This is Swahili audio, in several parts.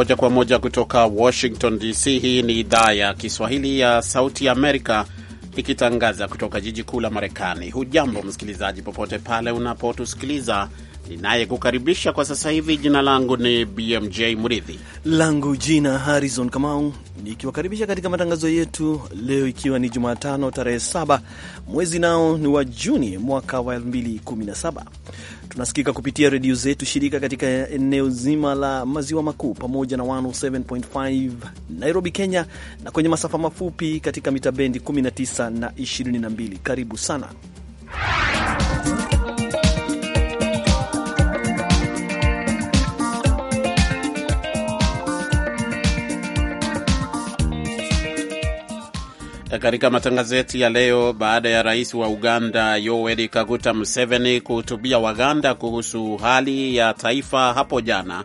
moja kwa moja kutoka Washington DC. Hii ni idhaa ya Kiswahili ya Sauti ya Amerika ikitangaza kutoka jiji kuu la Marekani. Hujambo msikilizaji, popote pale unapotusikiliza Ninayekukaribisha kwa sasa hivi, jina langu ni BMJ Mridhi, langu jina Harrison Kamau, nikiwakaribisha katika matangazo yetu leo, ikiwa ni Jumatano tarehe 7 mwezi nao ni wa Juni mwaka wa 2017. Tunasikika kupitia redio zetu shirika katika eneo zima la maziwa makuu pamoja na 107.5 Nairobi, Kenya, na kwenye masafa mafupi katika mita bendi 19 na 22. Karibu sana katika matangazo yetu ya leo, baada ya rais wa Uganda Yoweri Kaguta Museveni kuhutubia Waganda kuhusu hali ya taifa hapo jana,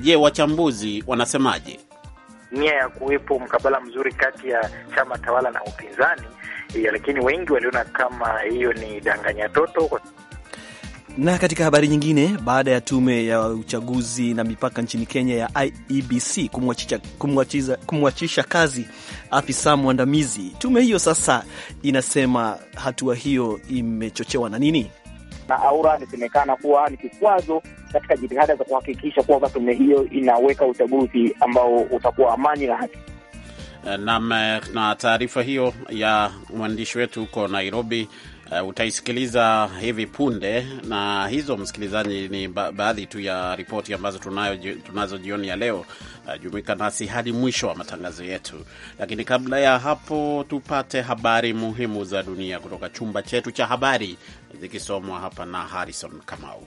je, wachambuzi wanasemaje? Nia ya kuwepo mkabala mzuri kati ya chama tawala na upinzani, eh, lakini wengi waliona kama hiyo ni danganya toto. Na katika habari nyingine, baada ya tume ya uchaguzi na mipaka nchini Kenya ya IEBC kumwachisha kazi afisa mwandamizi, tume hiyo sasa inasema hatua hiyo imechochewa na nini? Na aura inasemekana kuwa ni kikwazo katika jitihada za kuhakikisha kwamba tume hiyo inaweka uchaguzi ambao utakuwa amani na haki. Na, eh, na taarifa hiyo ya mwandishi wetu huko Nairobi Uh, utaisikiliza hivi punde, na hizo msikilizaji ni ba baadhi tu ya ripoti ambazo tunayo, tunazo jioni ya leo. Uh, jumuika nasi hadi mwisho wa matangazo yetu, lakini kabla ya hapo tupate habari muhimu za dunia kutoka chumba chetu cha habari zikisomwa hapa na Harrison Kamau.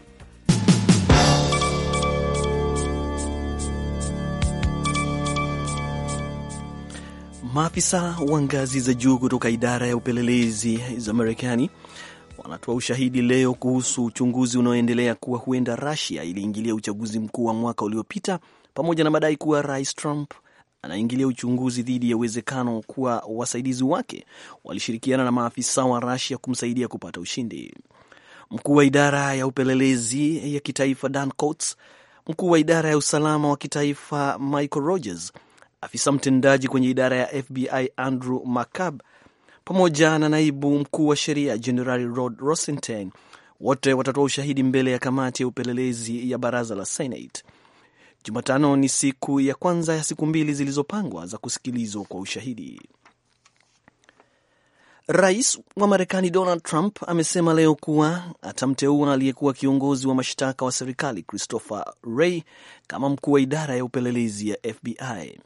Maafisa wa ngazi za juu kutoka idara ya upelelezi za Marekani wanatoa ushahidi leo kuhusu uchunguzi unaoendelea kuwa huenda Russia iliingilia uchaguzi mkuu wa mwaka uliopita pamoja na madai kuwa Rais Trump anaingilia uchunguzi dhidi ya uwezekano kuwa wasaidizi wake walishirikiana na maafisa wa Russia kumsaidia kupata ushindi. Mkuu wa idara ya upelelezi ya kitaifa Dan Coats, mkuu wa idara ya usalama wa kitaifa Michael Rogers afisa mtendaji kwenye idara ya FBI Andrew McCabe pamoja na naibu mkuu wa sheria Jenerali Rod Rosenstein wote watatoa ushahidi mbele ya kamati ya upelelezi ya baraza la Senate. Jumatano ni siku ya kwanza ya siku mbili zilizopangwa za kusikilizwa kwa ushahidi. Rais wa Marekani Donald Trump amesema leo kuwa atamteua aliyekuwa kiongozi wa mashtaka wa serikali Christopher Wray kama mkuu wa idara ya upelelezi ya FBI.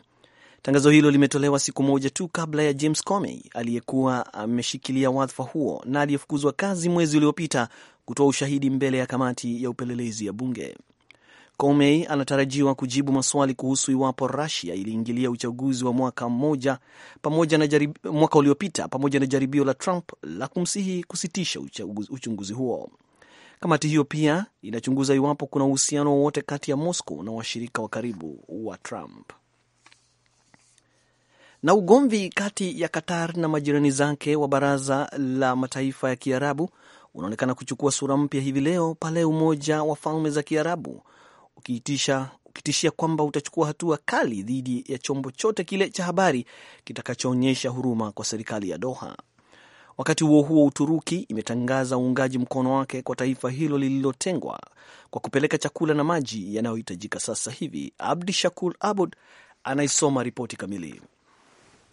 Tangazo hilo limetolewa siku moja tu kabla ya James Comey aliyekuwa ameshikilia wadhifa huo na aliyefukuzwa kazi mwezi uliopita kutoa ushahidi mbele ya kamati ya upelelezi ya bunge. Comey anatarajiwa kujibu maswali kuhusu iwapo Russia iliingilia uchaguzi wa mwaka mmoja pamoja na jarib, mwaka uliopita pamoja na jaribio la Trump la kumsihi kusitisha uchunguzi huo. Kamati hiyo pia inachunguza iwapo kuna uhusiano wowote kati ya Moscow na washirika wa karibu wa Trump na ugomvi kati ya Qatar na majirani zake wa Baraza la Mataifa ya Kiarabu unaonekana kuchukua sura mpya hivi leo pale Umoja wa Falme za Kiarabu ukiitisha ukitishia kwamba utachukua hatua kali dhidi ya chombo chote kile cha habari kitakachoonyesha huruma kwa serikali ya Doha. Wakati huo huo, Uturuki imetangaza uungaji mkono wake kwa taifa hilo lililotengwa kwa kupeleka chakula na maji yanayohitajika sasa hivi. Abdi Shakur Abud anaisoma ripoti kamili.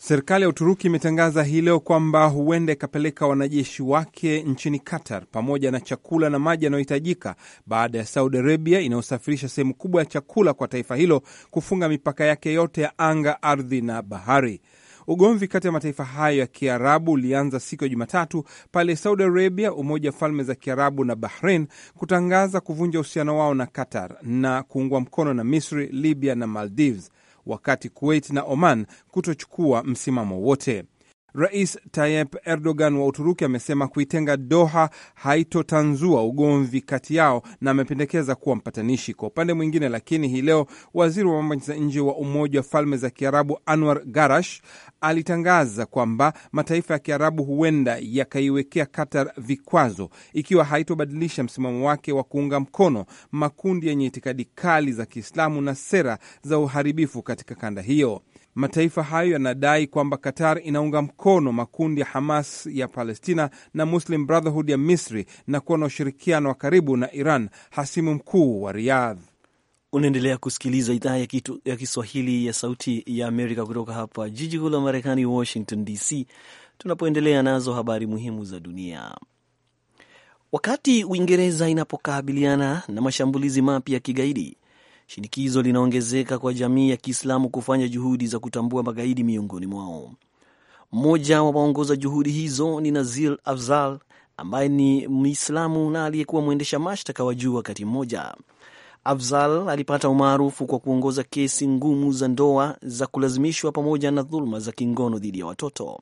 Serikali ya Uturuki imetangaza hii leo kwamba huenda ikapeleka wanajeshi wake nchini Qatar pamoja na chakula na maji yanayohitajika baada ya Saudi Arabia inayosafirisha sehemu kubwa ya chakula kwa taifa hilo kufunga mipaka yake yote ya anga, ardhi na bahari. Ugomvi kati ya mataifa hayo ya Kiarabu ulianza siku ya Jumatatu pale Saudi Arabia, Umoja wa Falme za Kiarabu na Bahrain kutangaza kuvunja uhusiano wao na Qatar na kuungwa mkono na Misri, Libya na Maldives wakati Kuwait na Oman kutochukua msimamo wote. Rais Tayyip Erdogan wa Uturuki amesema kuitenga Doha haitotanzua ugomvi kati yao na amependekeza kuwa mpatanishi. Kwa upande mwingine, lakini hii leo waziri wa mambo za nje wa Umoja wa Falme za Kiarabu Anwar Garash alitangaza kwamba mataifa ya Kiarabu huenda yakaiwekea Qatar vikwazo ikiwa haitobadilisha msimamo wake wa kuunga mkono makundi yenye itikadi kali za Kiislamu na sera za uharibifu katika kanda hiyo. Mataifa hayo yanadai kwamba Qatar inaunga mkono makundi ya Hamas ya Palestina na Muslim Brotherhood ya Misri na kuwa na ushirikiano wa karibu na Iran, hasimu mkuu wa Riyadh. Unaendelea kusikiliza idhaa ya, ya Kiswahili ya Sauti ya Amerika kutoka hapa jiji kuu la Marekani, Washington DC, tunapoendelea nazo habari muhimu za dunia. Wakati Uingereza inapokabiliana na mashambulizi mapya ya kigaidi, shinikizo linaongezeka kwa jamii ya Kiislamu kufanya juhudi za kutambua magaidi miongoni mwao. Mmoja wa waongoza juhudi hizo ni nazir Afzal ambaye ni Mwislamu na aliyekuwa mwendesha mashtaka wa juu wakati mmoja. Afzal alipata umaarufu kwa kuongoza kesi ngumu za ndoa za kulazimishwa pamoja na dhuluma za kingono dhidi ya watoto.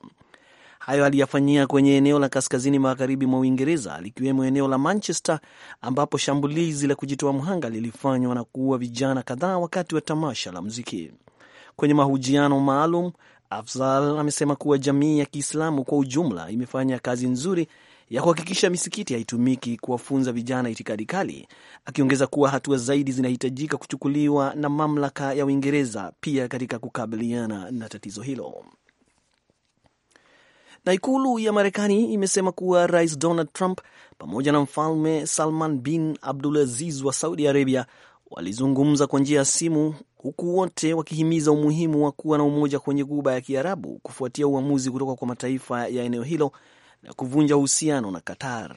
Hayo aliyafanyia kwenye eneo la kaskazini magharibi mwa Uingereza, likiwemo eneo la Manchester ambapo shambulizi la kujitoa mhanga lilifanywa na kuua vijana kadhaa wakati wa tamasha la muziki. Kwenye mahojiano maalum, Afzal amesema kuwa jamii ya Kiislamu kwa ujumla imefanya kazi nzuri ya kuhakikisha misikiti haitumiki kuwafunza vijana itikadi kali, akiongeza kuwa hatua zaidi zinahitajika kuchukuliwa na mamlaka ya Uingereza pia katika kukabiliana na tatizo hilo na ikulu ya Marekani imesema kuwa Rais Donald Trump pamoja na Mfalme Salman bin Abdulaziz wa Saudi Arabia walizungumza kwa njia ya simu huku wote wakihimiza umuhimu wa kuwa na umoja kwenye guba ya Kiarabu kufuatia uamuzi kutoka kwa mataifa ya eneo hilo na kuvunja uhusiano na Qatar.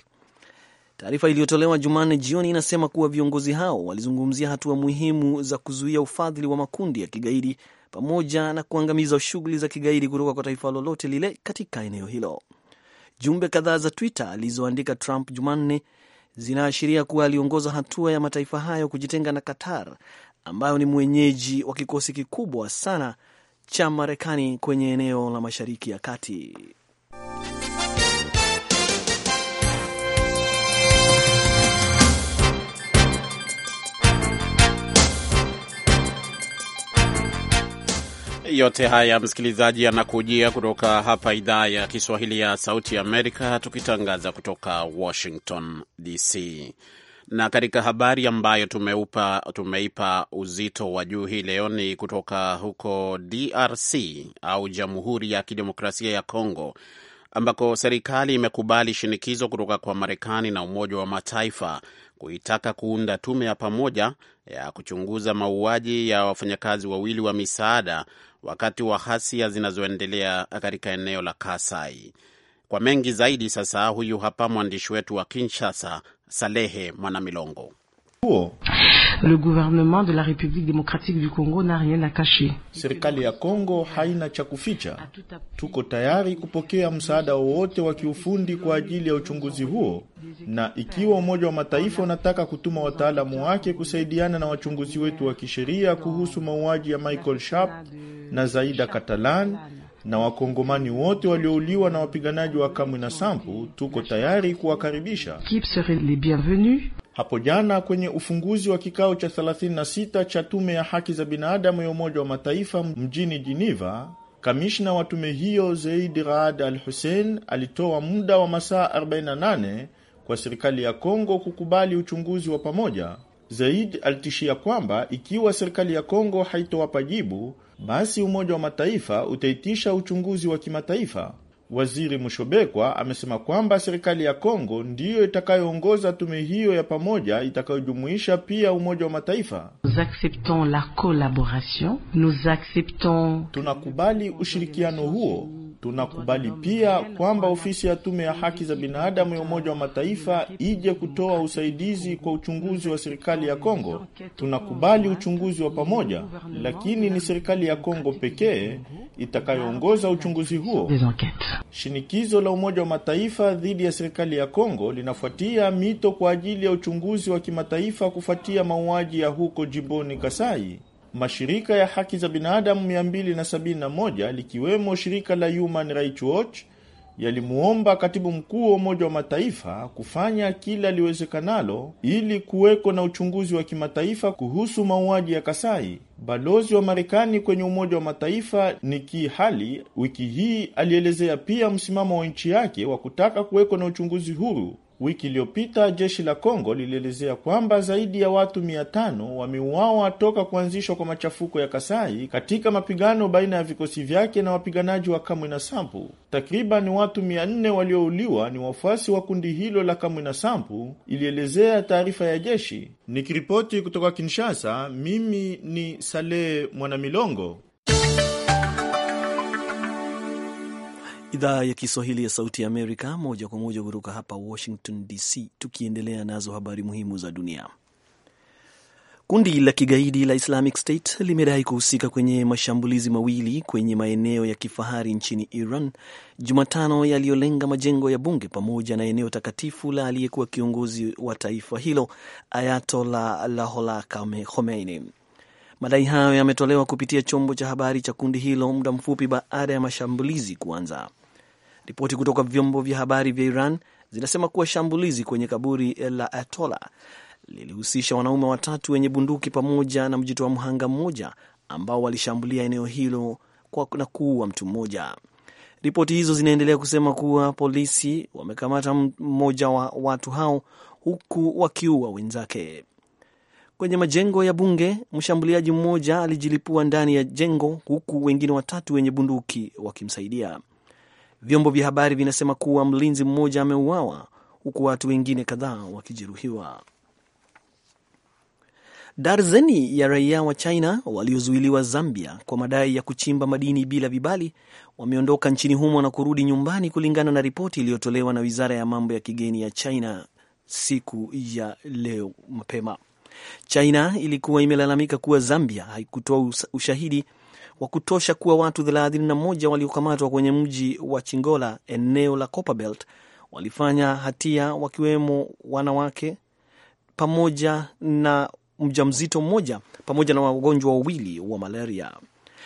Taarifa iliyotolewa Jumanne jioni inasema kuwa viongozi hao walizungumzia hatua muhimu za kuzuia ufadhili wa makundi ya kigaidi pamoja na kuangamiza shughuli za kigaidi kutoka kwa taifa lolote lile katika eneo hilo. Jumbe kadhaa za Twitter alizoandika Trump Jumanne zinaashiria kuwa aliongoza hatua ya mataifa hayo kujitenga na Qatar, ambayo ni mwenyeji wa kikosi kikubwa sana cha Marekani kwenye eneo la Mashariki ya Kati. Yote haya msikilizaji, yanakujia kutoka hapa idhaa ya Kiswahili ya Sauti ya Amerika, tukitangaza kutoka Washington DC. Na katika habari ambayo tumeupa, tumeipa uzito wa juu hii leo ni kutoka huko DRC au Jamhuri ya Kidemokrasia ya Kongo ambako serikali imekubali shinikizo kutoka kwa Marekani na Umoja wa Mataifa kuitaka kuunda tume ya pamoja ya kuchunguza mauaji ya wafanyakazi wawili wa misaada wakati wa hasia zinazoendelea katika eneo la Kasai. Kwa mengi zaidi, sasa huyu hapa mwandishi wetu wa Kinshasa, Salehe Mwanamilongo. Le gouvernement de la République démocratique du Congo n'a rien à cacher. Serikali ya Kongo haina cha kuficha. Tuko tayari kupokea msaada wowote wa kiufundi kwa ajili ya uchunguzi huo, na ikiwa Umoja wa Mataifa unataka kutuma wataalamu wake kusaidiana na wachunguzi wetu wa kisheria kuhusu mauaji ya Michael Sharp na Zaida Katalan na wakongomani wote waliouliwa na wapiganaji wa na Sampu, tuko tayari kuwakaribisha. Hapo jana kwenye ufunguzi wa kikao cha 36 cha tume ya haki za binadamu ya Umoja wa Mataifa mjini jiniva kamishna wa tume hiyo Zeid Raad Al Hussein alitoa muda wa masaa 48 kwa serikali ya Kongo kukubali uchunguzi wa pamoja. Zaid alitishia kwamba ikiwa serikali ya Kongo haitowapa jibu basi Umoja wa Mataifa utaitisha uchunguzi wa kimataifa. Waziri Mushobekwa amesema kwamba serikali ya Kongo ndiyo itakayoongoza tume hiyo ya pamoja itakayojumuisha pia Umoja wa Mataifa. Nous acceptons la collaboration, nous acceptons... tunakubali ushirikiano huo Tunakubali pia kwamba ofisi ya tume ya haki za binadamu ya Umoja wa Mataifa ije kutoa usaidizi kwa uchunguzi wa serikali ya Kongo. Tunakubali uchunguzi wa pamoja, lakini ni serikali ya Kongo pekee itakayoongoza uchunguzi huo. Shinikizo la Umoja wa Mataifa dhidi ya serikali ya Kongo linafuatia mito kwa ajili ya uchunguzi wa kimataifa kufuatia mauaji ya huko jimboni Kasai mashirika ya haki za binadamu 271 likiwemo shirika la Human Rights Watch yalimwomba katibu mkuu wa Umoja wa Mataifa kufanya kila liwezekanalo ili kuweko na uchunguzi wa kimataifa kuhusu mauaji ya Kasai. Balozi wa Marekani kwenye Umoja wa Mataifa Nikki Haley wiki hii alielezea pia msimamo wa nchi yake wa kutaka kuweko na uchunguzi huru Wiki iliyopita jeshi la Kongo lilielezea kwamba zaidi ya watu 500 wameuawa toka kuanzishwa kwa machafuko ya Kasai katika mapigano baina ya vikosi vyake na wapiganaji wa Kamwina sampu Takriban watu m4 waliouliwa ni wafuasi wa kundi hilo la Kamwina sampu ilielezea taarifa ya jeshi. Nikiripoti kutoka Kinshasa, mimi ni Saleh Mwanamilongo. Idhaa ya Kiswahili ya Sauti ya Amerika, moja kwa moja kutoka hapa Washington DC, tukiendelea nazo habari muhimu za dunia. Kundi la kigaidi la Islamic State limedai kuhusika kwenye mashambulizi mawili kwenye maeneo ya kifahari nchini Iran Jumatano, yaliyolenga majengo ya bunge pamoja na eneo takatifu la aliyekuwa kiongozi wa taifa hilo ayatola lahola Khomeini. Madai hayo yametolewa kupitia chombo cha habari cha kundi hilo muda mfupi baada ya mashambulizi kuanza. Ripoti kutoka vyombo vya habari vya Iran zinasema kuwa shambulizi kwenye kaburi la Atola lilihusisha wanaume watatu wenye bunduki pamoja na mjitoa mhanga mmoja ambao walishambulia eneo hilo na kuua mtu mmoja. Ripoti hizo zinaendelea kusema kuwa polisi wamekamata mmoja wa watu hao huku wakiua wenzake. Kwenye majengo ya bunge, mshambuliaji mmoja alijilipua ndani ya jengo huku wengine watatu wenye bunduki wakimsaidia. Vyombo vya habari vinasema kuwa mlinzi mmoja ameuawa huku watu wengine kadhaa wakijeruhiwa. Darzeni ya raia wa China waliozuiliwa Zambia kwa madai ya kuchimba madini bila vibali wameondoka nchini humo na kurudi nyumbani, kulingana na ripoti iliyotolewa na wizara ya mambo ya kigeni ya China siku ya leo mapema. China ilikuwa imelalamika kuwa Zambia haikutoa ushahidi wa kutosha kuwa watu 31 waliokamatwa kwenye mji wa Chingola, eneo la Copperbelt, walifanya hatia, wakiwemo wanawake pamoja na mjamzito mmoja pamoja na wagonjwa wawili wa malaria.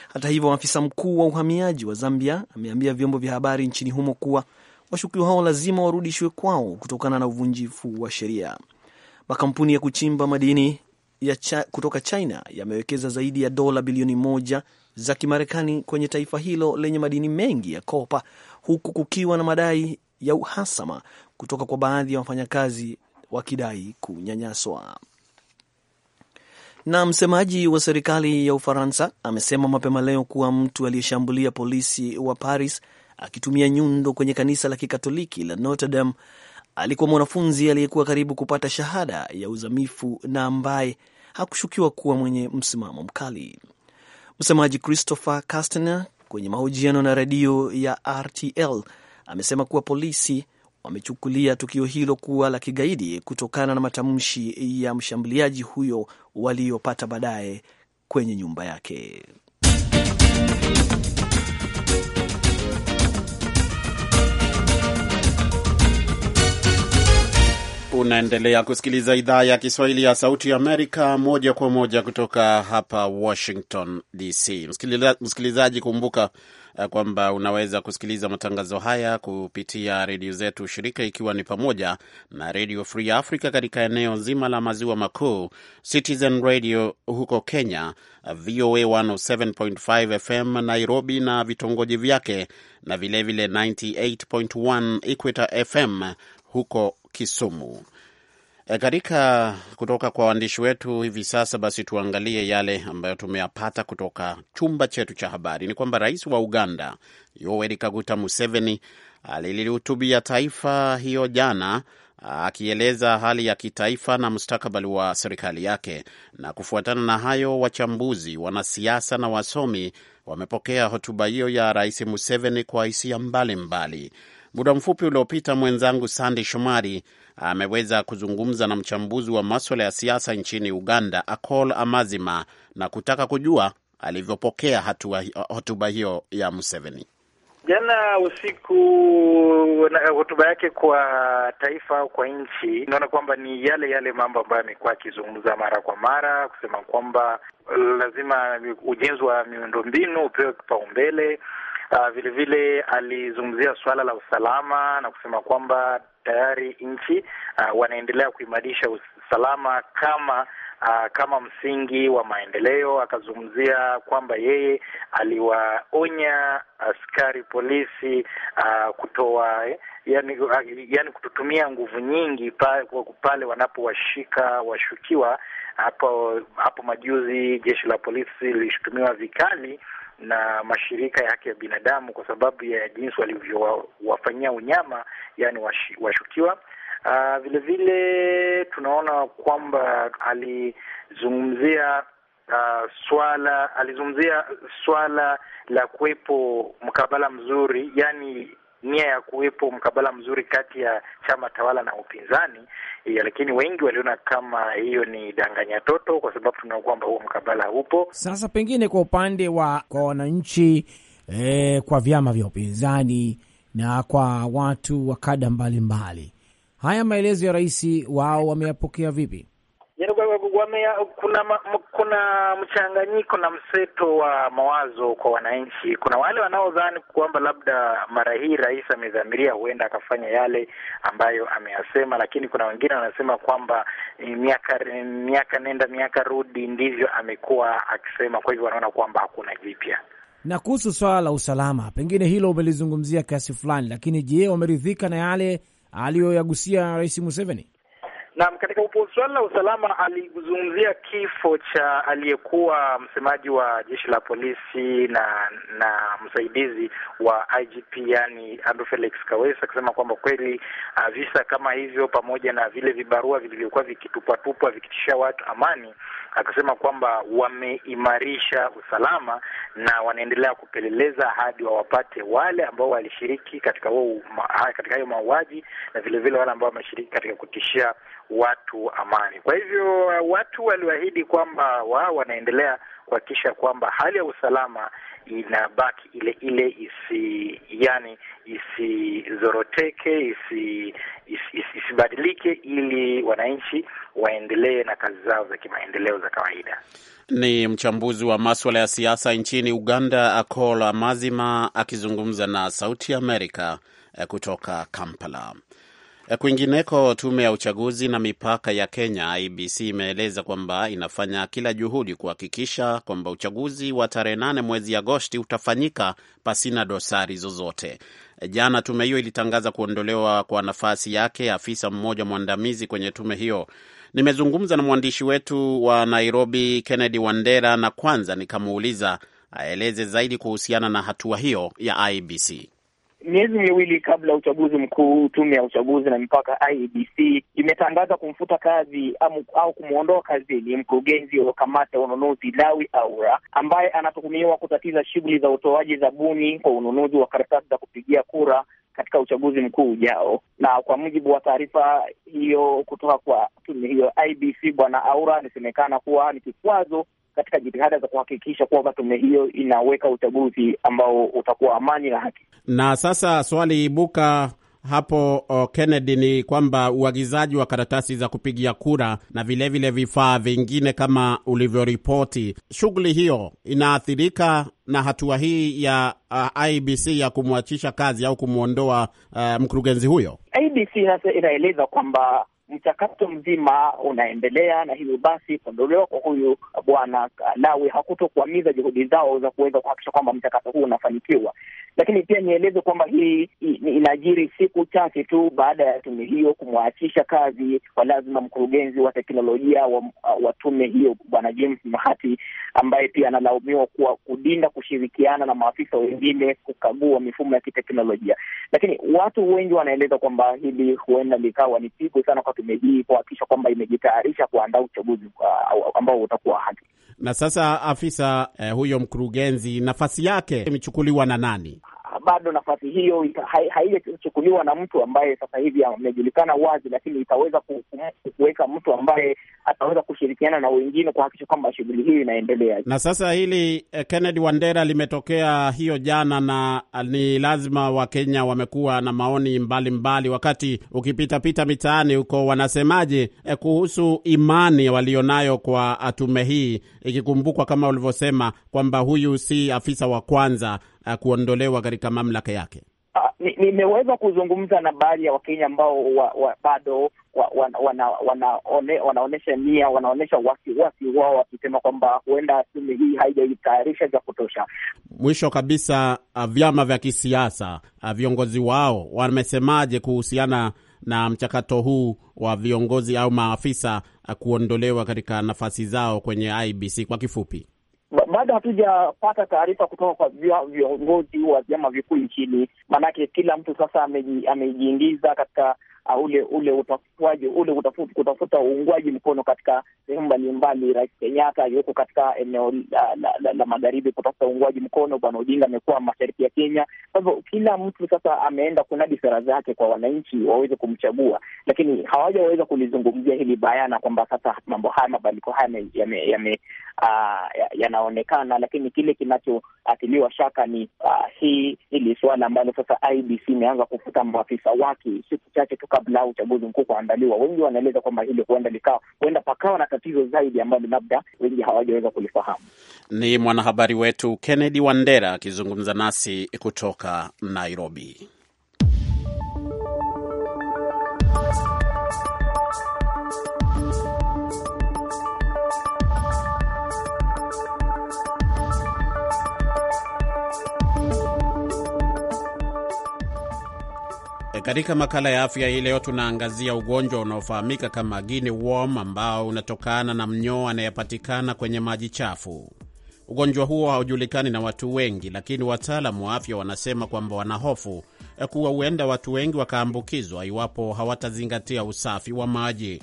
Hata hivyo, afisa mkuu wa uhamiaji wa Zambia ameambia vyombo vya habari nchini humo kuwa washukiwa hao lazima warudishwe kwao kutokana na uvunjifu wa sheria. Makampuni ya kuchimba madini ya cha, kutoka China yamewekeza zaidi ya dola bilioni moja za Kimarekani kwenye taifa hilo lenye madini mengi ya kopa, huku kukiwa na madai ya uhasama kutoka kwa baadhi ya wafanyakazi wakidai kunyanyaswa. Na msemaji wa serikali ya Ufaransa amesema mapema leo kuwa mtu aliyeshambulia polisi wa Paris akitumia nyundo kwenye kanisa la Kikatoliki la Notre Dame alikuwa mwanafunzi aliyekuwa karibu kupata shahada ya uzamifu na ambaye hakushukiwa kuwa mwenye msimamo mkali. Msemaji Christopher Castner kwenye mahojiano na redio ya RTL amesema kuwa polisi wamechukulia tukio hilo kuwa la kigaidi kutokana na matamshi ya mshambuliaji huyo waliopata baadaye kwenye nyumba yake. Unaendelea kusikiliza idhaa ya Kiswahili ya Sauti ya Amerika moja kwa moja kutoka hapa Washington DC. Msikilizaji, kumbuka eh, kwamba unaweza kusikiliza matangazo haya kupitia redio zetu shirika, ikiwa ni pamoja na Redio Free Africa katika eneo zima la maziwa makuu, Citizen Radio huko Kenya, VOA 107.5 FM Nairobi na vitongoji vyake, na vilevile 98.1 Equator FM huko Kisumu. Eh, katika kutoka kwa waandishi wetu hivi sasa, basi tuangalie yale ambayo tumeyapata kutoka chumba chetu cha habari. Ni kwamba rais wa Uganda Yoweri Kaguta Museveni alilihutubia taifa hiyo jana akieleza hali ya kitaifa na mustakabali wa serikali yake. Na kufuatana na hayo, wachambuzi, wanasiasa na wasomi wamepokea hotuba hiyo ya rais Museveni kwa hisia mbalimbali. Muda mfupi uliopita, mwenzangu Sandi Shomari ameweza kuzungumza na mchambuzi wa maswala ya siasa nchini Uganda, Akol Amazima, na kutaka kujua alivyopokea hotuba hiyo ya Museveni jana usiku. Hotuba yake kwa taifa au kwa nchi, naona kwamba ni yale yale mambo ambayo amekuwa akizungumza mara kwa mara, kusema kwamba uh, lazima ujenzi wa miundombinu upewe kipaumbele. Uh, vile vile alizungumzia suala la usalama na kusema kwamba tayari nchi uh, wanaendelea kuimarisha usalama kama uh, kama msingi wa maendeleo. Akazungumzia kwamba yeye aliwaonya askari polisi uh, kutoa yani, yani kutotumia nguvu nyingi pale wanapowashika washukiwa. Hapo hapo majuzi jeshi la polisi lilishutumiwa vikali na mashirika ya haki ya binadamu kwa sababu ya jinsi walivyowafanyia unyama yani washukiwa Uh, vile vile tunaona kwamba alizungumzia uh, swala alizungumzia swala la kuwepo mkabala mzuri, yani nia ya kuwepo mkabala mzuri kati ya chama tawala na upinzani ya, lakini wengi waliona kama hiyo ni danganya toto, kwa sababu tunaona kwamba huo mkabala upo sasa. Pengine kwa upande wa kwa wananchi eh, kwa vyama vya upinzani na kwa watu wa kada mbalimbali Haya maelezo ya rais wao wameyapokea vipi? Yaani wamea, kuna kuna mchanganyiko na mseto wa mawazo kwa wananchi. Kuna wale wanaodhani kwamba labda mara hii rais amedhamiria, huenda akafanya yale ambayo ameyasema, lakini kuna wengine wanasema kwamba eh, miaka miaka nenda miaka rudi ndivyo amekuwa akisema, kwa hivyo wanaona kwamba hakuna jipya. Na kuhusu swala la usalama, pengine hilo umelizungumzia kiasi fulani, lakini je, wameridhika na yale aliyoyagusia Rais Museveni? Naam, katika suala la usalama alizungumzia kifo cha aliyekuwa msemaji wa jeshi la polisi na na msaidizi wa IGP yani Andrew Felix Kaweesa, akisema kwamba kweli uh, visa kama hivyo pamoja na vile vibarua vilivyokuwa vikitupwatupwa vikitishia watu amani akasema kwamba wameimarisha usalama na wanaendelea kupeleleza hadi wawapate wale ambao walishiriki katika ma, katika hayo mauaji na vile vile wale ambao wameshiriki katika kutishia watu amani. Kwa hivyo uh, watu waliahidi kwamba wao wanaendelea kuhakikisha kwamba hali ya usalama inabaki ile ile, isi yani isizoroteke, isi, isi, isibadilike, ili wananchi waendelee na kazi zao za kimaendeleo za kawaida. Ni mchambuzi wa maswala ya siasa nchini Uganda, Akola Mazima akizungumza na Sauti ya Amerika eh, kutoka Kampala. Eh, kwingineko, tume ya uchaguzi na mipaka ya Kenya IBC imeeleza kwamba inafanya kila juhudi kuhakikisha kwamba uchaguzi wa tarehe nane mwezi Agosti utafanyika pasina dosari zozote. Eh, jana tume hiyo ilitangaza kuondolewa kwa nafasi yake afisa mmoja mwandamizi kwenye tume hiyo. Nimezungumza na mwandishi wetu wa Nairobi, Kennedy Wandera, na kwanza nikamuuliza aeleze zaidi kuhusiana na hatua hiyo ya IBC. Miezi miwili kabla uchaguzi mkuu, tume ya uchaguzi na mipaka IEBC imetangaza kumfuta kazi amu, au kumwondoa kazini mkurugenzi wa kamati ya ununuzi Lawi Aura ambaye anatuhumiwa kutatiza shughuli za utoaji zabuni kwa ununuzi wa karatasi za kupigia kura katika uchaguzi mkuu ujao. Na kwa mujibu wa taarifa hiyo kutoka kwa tume hiyo IBC, e bwana Aura anasemekana kuwa ni kikwazo katika jitihada za kuhakikisha kwamba tume hiyo inaweka uchaguzi ambao utakuwa amani na haki. Na sasa swali ibuka hapo oh, Kennedy, ni kwamba uagizaji wa karatasi za kupigia kura na vilevile vifaa vingine kama ulivyoripoti, shughuli hiyo inaathirika na hatua hii ya uh, IBC ya kumwachisha kazi au kumwondoa uh, mkurugenzi huyo. IBC inaeleza kwamba mchakato mzima unaendelea, na hivyo basi kuondolewa kwa huyu bwana Lawi hakutokuamiza juhudi zao za kuweza kuhakikisha kwamba mchakato huu unafanikiwa. Lakini pia nieleze kwamba hii inajiri siku chache tu baada ya tume hiyo kumwachisha kazi kwa lazima mkurugenzi wa teknolojia wa, wa tume hiyo Bwana James Mahati ambaye pia analaumiwa kuwa kudinda kushirikiana na maafisa wengine kukagua mifumo ya kiteknolojia. Lakini watu wengi wanaeleza kwamba hili huenda likawa ni pigo sana kwa tume hii kuhakikisha kwamba imejitayarisha kuandaa uchaguzi uh, ambao utakuwa haki. Na sasa afisa eh, huyo mkurugenzi, nafasi yake imechukuliwa na nani? bado nafasi hiyo haijachukuliwa hai, na mtu ambaye sasa hivi amejulikana wazi, lakini itaweza kuweka mtu ambaye ataweza kushirikiana na wengine kuhakikisha kwamba shughuli hii inaendelea. Na sasa hili eh, Kennedy Wandera limetokea hiyo jana, na ah, ni lazima Wakenya wamekuwa na maoni mbalimbali mbali. Wakati ukipitapita mitaani huko wanasemaje eh, kuhusu imani walionayo kwa ah, tume hii, ikikumbukwa kama ulivyosema kwamba huyu si afisa wa kwanza uh, kuondolewa katika mamlaka yake? Ah, nimeweza ni kuzungumza na baadhi ya Wakenya ambao wa, wa, bado wanaonyesha wana, wana nia wanaonyesha wasiwasi wao wakisema kwamba huenda tume hii haijaitayarisha vya kutosha. Mwisho kabisa, ah, vyama vya kisiasa ah, viongozi wao wamesemaje kuhusiana na mchakato huu wa viongozi au maafisa kuondolewa katika nafasi zao kwenye IBC? Kwa kifupi, bado hatujapata taarifa kutoka kwa viongozi wa vyama vikuu nchini, maanake kila mtu sasa amejiingiza katika uh, ule ule utafutaji ule utafuta, kutafuta uungwaji mkono katika sehemu mbalimbali. Rais Kenyatta yuko katika eneo la, la, la, la magharibi kutafuta uungwaji mkono. Bwana Odinga amekuwa mashariki ya Kenya. Kwa hivyo kila mtu sasa ameenda kunadi sera zake kwa wananchi waweze kumchagua, lakini hawajaweza kulizungumzia hili bayana kwamba sasa mambo haya mabadiliko haya uh, yanaonekana kinaonekana, lakini kile kinachoatiliwa shaka ni uh, hii hili suala ambalo sasa IBC imeanza kufuta maafisa wake siku chache tu kabla uchaguzi mkuu kuandaliwa. Wengi wanaeleza kwamba hili huenda likawa huenda pakawa na tatizo zaidi ambalo labda wengi hawajaweza kulifahamu. Ni mwanahabari wetu Kennedy Wandera akizungumza nasi kutoka Nairobi. Katika makala ya afya hii leo tunaangazia ugonjwa unaofahamika kama guinea worm ambao unatokana na mnyoo anayepatikana kwenye maji chafu. Ugonjwa huo haujulikani na watu wengi, lakini wataalamu wa afya wanasema kwamba wanahofu eh, kuwa huenda watu wengi wakaambukizwa iwapo hawatazingatia usafi wa maji.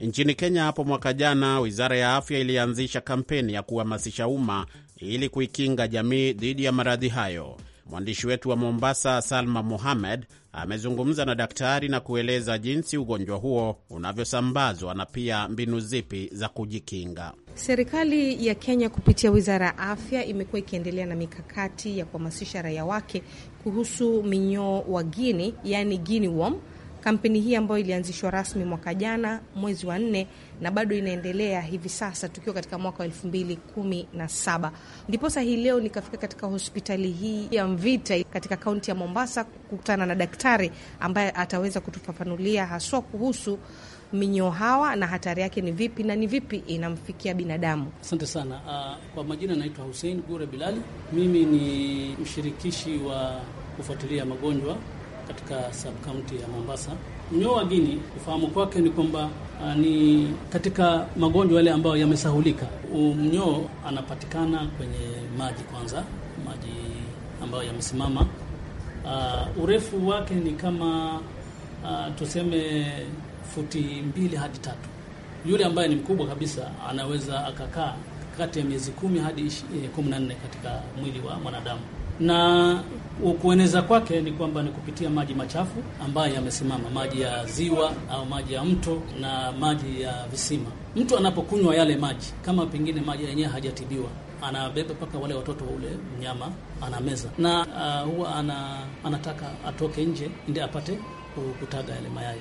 Nchini Kenya hapo mwaka jana, wizara ya afya ilianzisha kampeni ya kuhamasisha umma ili kuikinga jamii dhidi ya maradhi hayo. Mwandishi wetu wa Mombasa, Salma muhamed amezungumza na daktari na kueleza jinsi ugonjwa huo unavyosambazwa na pia mbinu zipi za kujikinga. Serikali ya Kenya kupitia wizara ya afya imekuwa ikiendelea na mikakati ya kuhamasisha raia wake kuhusu minyoo wa gini, yani gini worm Kampeni hii ambayo ilianzishwa rasmi mwaka jana mwezi wa nne na bado inaendelea hivi sasa tukiwa katika mwaka wa elfu mbili kumi na saba ndiposa hii leo nikafika katika hospitali hii ya Mvita katika kaunti ya Mombasa kukutana na daktari ambaye ataweza kutufafanulia haswa kuhusu minyoo hawa na hatari yake ni vipi na ni vipi inamfikia binadamu. Asante sana. Uh, kwa majina naitwa Hussein Gure Bilali, mimi ni mshirikishi wa kufuatilia magonjwa katika county ya Mombasa. Mnyoo wa gini ufahamu kwake ni kwamba ah, ni katika magonjwa yale ambayo yamesahulika. Mnyoo anapatikana kwenye maji kwanza, maji ambayo yamesimama. Uh, urefu wake ni kama uh, tuseme futi mbili hadi tatu. Yule ambaye ni mkubwa kabisa anaweza akakaa kati ya miezi kumi hadi eh, kumi na nne katika mwili wa mwanadamu na kueneza kwake ni kwamba ni kupitia maji machafu ambayo yamesimama, maji ya ziwa au maji ya mto na maji ya visima. Mtu anapokunywa yale maji, kama pengine maji yenyewe hajatibiwa, anabeba mpaka wale watoto wa ule mnyama anameza, na uh, huwa ana, anataka atoke nje ndi apate kutaga yale mayai,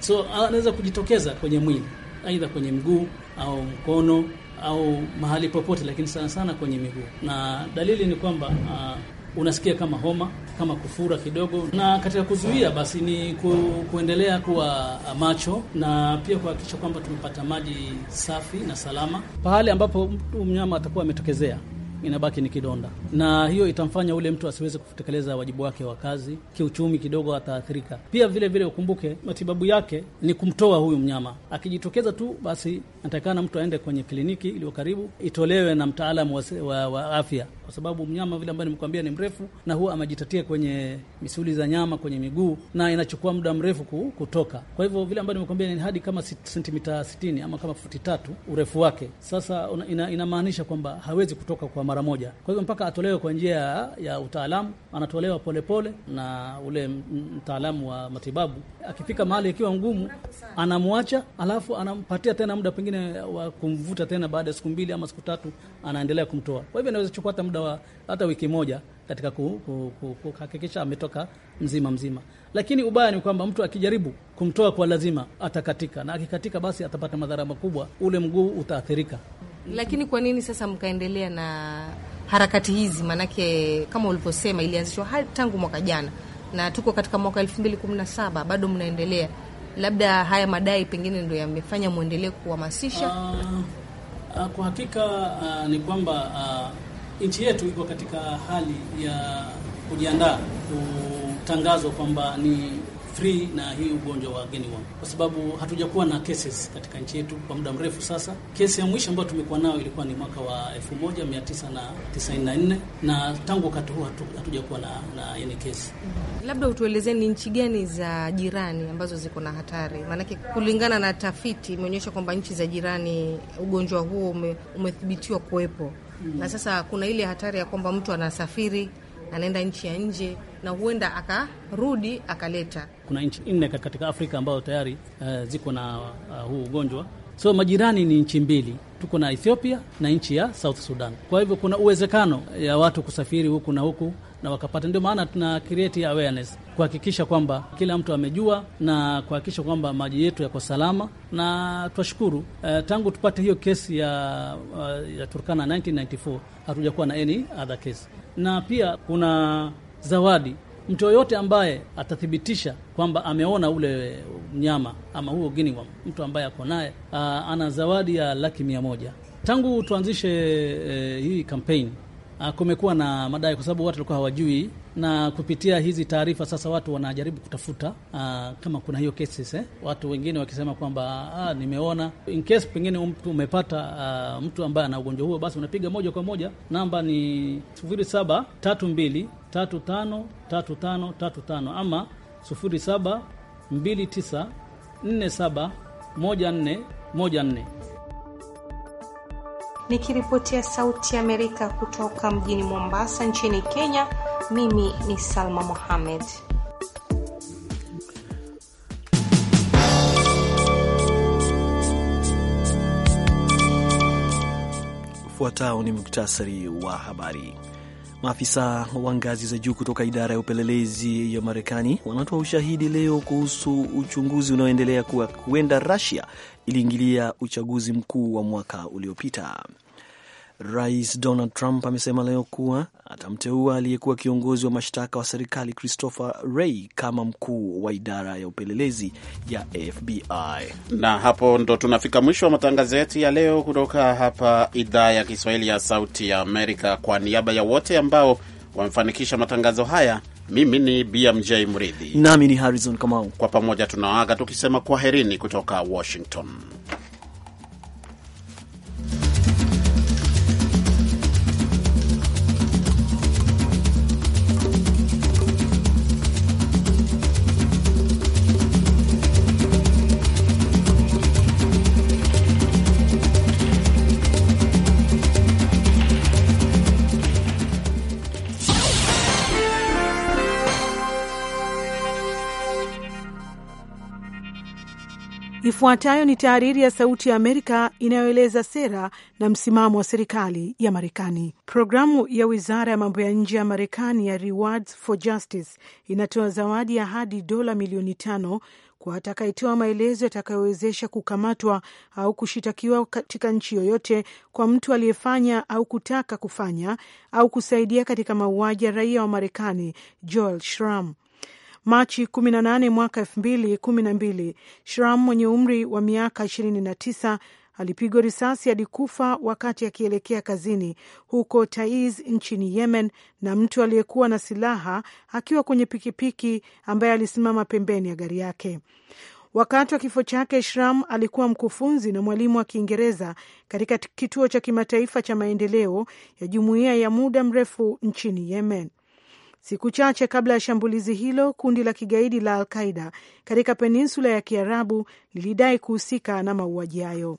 so anaweza kujitokeza kwenye mwili, aidha kwenye mguu au mkono au mahali popote, lakini sana sana kwenye miguu, na dalili ni kwamba uh, unasikia kama homa kama kufura kidogo, na katika kuzuia basi ni ku, kuendelea kuwa uh, macho na pia kuhakikisha kwamba tumepata maji safi na salama pahali ambapo mtu mnyama atakuwa ametokezea inabaki ni kidonda, na hiyo itamfanya ule mtu asiweze kutekeleza wajibu wake wa kazi. Kiuchumi kidogo ataathirika pia. Vile vile ukumbuke, matibabu yake ni kumtoa huyu mnyama. Akijitokeza tu, basi natakana mtu aende kwenye kliniki iliyo karibu, itolewe na mtaalamu wa, wa, wa afya, kwa sababu mnyama vile ambayo nimekuambia ni mrefu, na huwa amejitatia kwenye misuli za nyama, kwenye miguu, na inachukua muda mrefu kutoka. Kwa hivyo vile ambayo nimekuambia ni hadi kama sentimita 60 ama kama futi tatu urefu wake. Sasa inamaanisha ina kwamba hawezi kutoka kwa mara moja. Kwa hivyo mpaka atolewe kwa njia ya utaalamu, anatolewa polepole pole, na ule mtaalamu wa matibabu akifika mahali ikiwa ngumu, anamwacha alafu anampatia tena muda pengine wa kumvuta tena, baada ya siku mbili ama siku tatu anaendelea kumtoa. Kwa hivyo inaweza chukua hata muda wa hata wiki moja katika kuhakikisha ametoka mzima mzima. Lakini ubaya ni kwamba mtu akijaribu kumtoa kwa lazima atakatika, na akikatika, basi atapata madhara makubwa, ule mguu utaathirika. Mm-hmm. Lakini kwa nini sasa mkaendelea na harakati hizi? Maanake kama ulivyosema ilianzishwa tangu mwaka jana na tuko katika mwaka elfu mbili kumi na saba bado mnaendelea. Labda haya madai pengine ndo yamefanya mwendelee kuhamasisha. Uh, kwa hakika uh, ni kwamba uh, nchi yetu iko katika hali ya kujiandaa kutangazwa kwamba ni free na hii ugonjwa wa geniworm, kwa sababu hatujakuwa na cases katika nchi yetu kwa muda mrefu sasa. Kesi ya mwisho ambayo tumekuwa nayo ilikuwa ni mwaka wa 1994 na tangu wakati huu hatu, hatujakuwa na, na yani kesi. Labda utueleze ni nchi gani za jirani ambazo ziko na hatari, maanake kulingana na tafiti imeonyesha kwamba nchi za jirani ugonjwa huo ume, umethibitiwa kuwepo mm. Na sasa kuna ile hatari ya kwamba mtu anasafiri anaenda nchi ya nje na huenda akarudi akaleta. Kuna nchi nne katika Afrika ambayo tayari uh, ziko na uh, huu ugonjwa. So majirani ni nchi mbili, tuko na Ethiopia na nchi ya South Sudan. Kwa hivyo kuna uwezekano ya watu kusafiri huku na huku na wakapata. Ndio maana tuna create awareness kuhakikisha kwamba kila mtu amejua na kuhakikisha kwamba maji yetu yako salama, na twashukuru eh, tangu tupate hiyo kesi ya, eh, ya Turkana 1994 hatujakuwa na any other case, na pia kuna zawadi mtu yoyote ambaye atathibitisha kwamba ameona ule mnyama ama huo guinea mtu ambaye ako naye ah, ana zawadi ya laki mia moja. Tangu tuanzishe e, hii kampeni Ah, kumekuwa na madai kwa sababu watu walikuwa hawajui, na kupitia hizi taarifa sasa watu wanajaribu kutafuta aa, ah, kama kuna hiyo cases eh, watu wengine wakisema kwamba ah, nimeona in case pengine mtu umepata aa, mtu ambaye ana ugonjwa huo, basi unapiga moja kwa moja namba ni 0732353535 ama 0729471414 nikiripotia Sauti ya Amerika kutoka mjini Mombasa nchini Kenya. Mimi ni Salma Mohamed. Ufuatao ni muktasari wa habari. Maafisa wa ngazi za juu kutoka idara ya upelelezi ya Marekani wanatoa ushahidi leo kuhusu uchunguzi unaoendelea kuwa huenda rusia iliingilia uchaguzi mkuu wa mwaka uliopita. Rais Donald Trump amesema leo kuwa atamteua aliyekuwa kiongozi wa mashtaka wa serikali Christopher Wray kama mkuu wa idara ya upelelezi ya FBI. Na hapo ndo tunafika mwisho wa matangazo yetu ya leo kutoka hapa idhaa ya Kiswahili ya Sauti ya Amerika. Kwa niaba ya wote ambao wamefanikisha matangazo haya mimi ni BMJ Mridhi nami ni Harrison Kamau, kwa pamoja tunawaaga tukisema kwaherini kutoka Washington. Ifuatayo ni tahariri ya Sauti ya Amerika inayoeleza sera na msimamo wa serikali ya Marekani. Programu ya wizara ya mambo ya nje ya Marekani ya Rewards for Justice inatoa zawadi ya hadi dola milioni tano kwa atakayetoa maelezo yatakayowezesha kukamatwa au kushitakiwa katika nchi yoyote kwa mtu aliyefanya au kutaka kufanya au kusaidia katika mauaji ya raia wa Marekani Joel Shram Machi 18 mwaka 2012, Shram mwenye umri wa miaka 29 alipigwa risasi hadi kufa wakati akielekea kazini huko Taiz nchini Yemen na mtu aliyekuwa na silaha akiwa kwenye pikipiki ambaye alisimama pembeni ya gari yake. Wakati wa kifo chake, Shram alikuwa mkufunzi na mwalimu wa Kiingereza katika kituo cha kimataifa cha maendeleo ya jumuiya ya muda mrefu nchini Yemen. Siku chache kabla ya shambulizi hilo, kundi la kigaidi la Al Qaida katika peninsula ya Kiarabu lilidai kuhusika na mauaji hayo.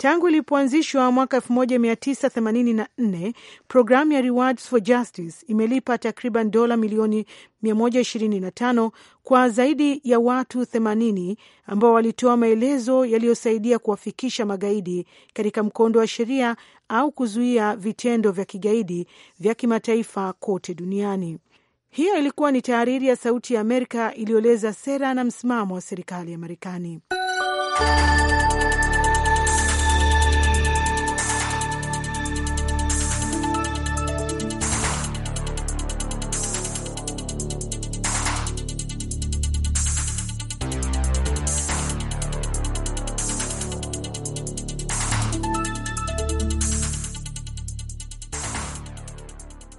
Tangu ilipoanzishwa mwaka 1984 programu ya Rewards for Justice imelipa takriban dola milioni 125 kwa zaidi ya watu 80 ambao walitoa maelezo yaliyosaidia kuwafikisha magaidi katika mkondo wa sheria au kuzuia vitendo vya kigaidi vya kimataifa kote duniani. Hiyo ilikuwa ni tahariri ya Sauti ya Amerika iliyoeleza sera na msimamo wa serikali ya Marekani.